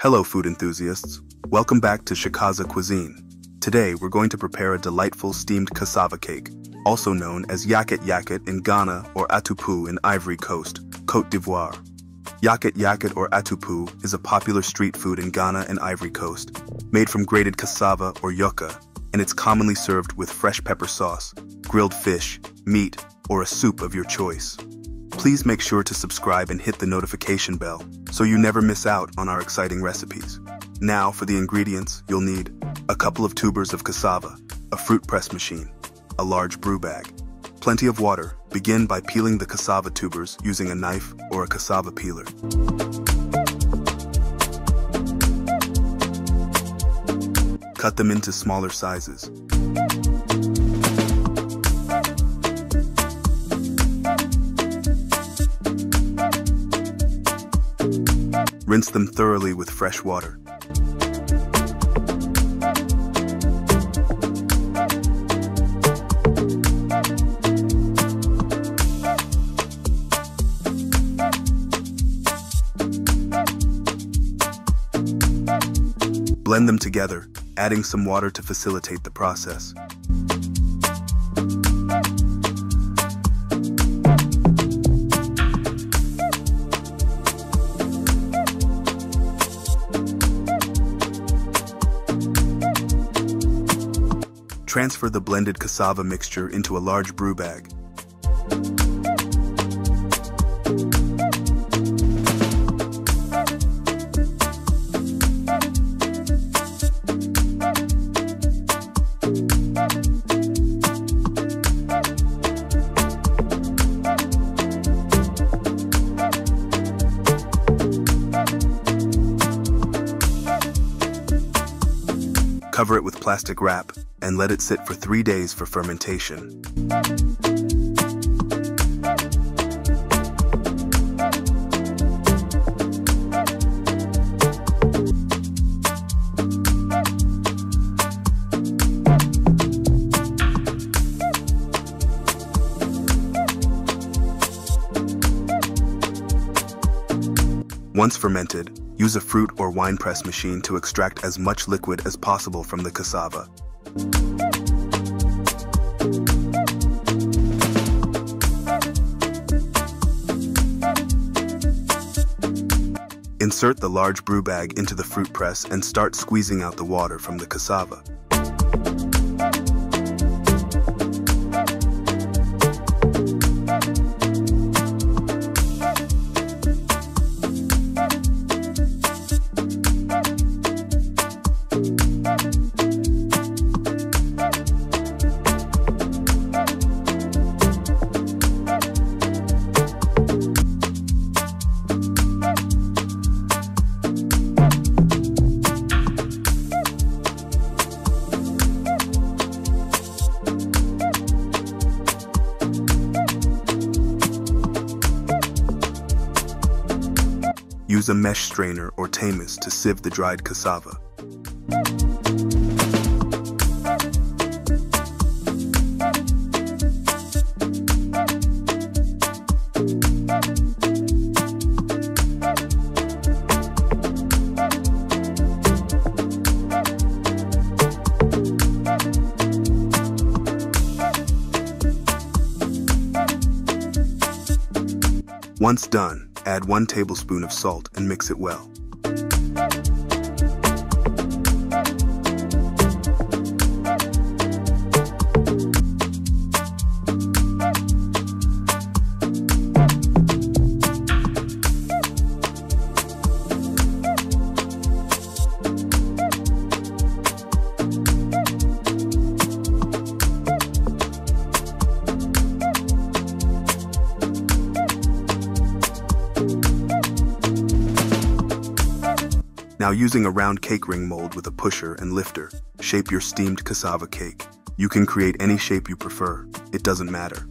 Hello, food enthusiasts. Welcome back to Shikaza Cuisine. Today, we're going to prepare a delightful steamed cassava cake, also known as yaket yaket in Ghana or atupu in Ivory Coast, Cote d'Ivoire. Yaket yaket or atupu is a popular street food in Ghana and Ivory Coast, made from grated cassava or yucca, and it's commonly served with fresh pepper sauce, grilled fish, meat, or a soup of your choice. Please make sure to subscribe and hit the notification bell so you never miss out on our exciting recipes. Now for the ingredients, you'll need a couple of tubers of cassava, a fruit press machine, a large brew bag, plenty of water. Begin by peeling the cassava tubers using a knife or a cassava peeler. Cut them into smaller sizes. Rinse them thoroughly with fresh water. Blend them together, adding some water to facilitate the process. Transfer the blended cassava mixture into a large brew bag Cover it with plastic wrap and let it sit for three days for fermentation. Once fermented, Use a fruit or wine press machine to extract as much liquid as possible from the cassava. Insert the large brew bag into the fruit press and start squeezing out the water from the cassava. Use a mesh strainer or tamis to sieve the dried cassava. Once done, Add 1 tablespoon of salt and mix it well. Now using a round cake ring mold with a pusher and lifter, shape your steamed cassava cake. You can create any shape you prefer. It doesn't matter.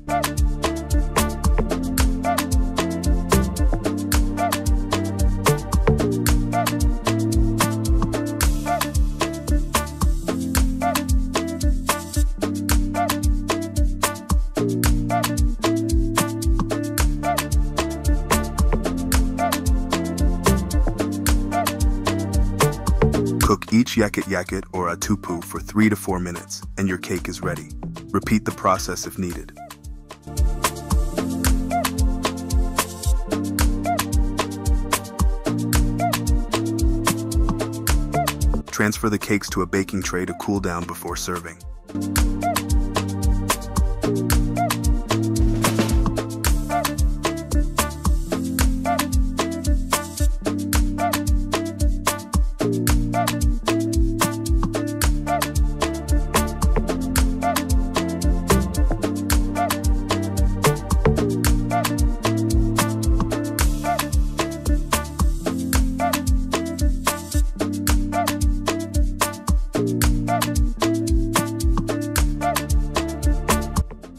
Cook each yakut yakut or atupu for 3 to 4 minutes and your cake is ready. Repeat the process if needed. Transfer the cakes to a baking tray to cool down before serving.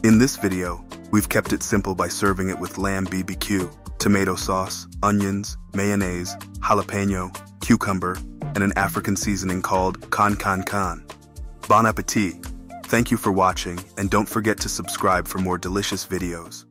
In this video, we've kept it simple by serving it with lamb BBQ, tomato sauce, onions, mayonnaise, jalapeno, cucumber, and an African seasoning called Kan Kan Kan. Bon appetit! Thank you for watching and don't forget to subscribe for more delicious videos.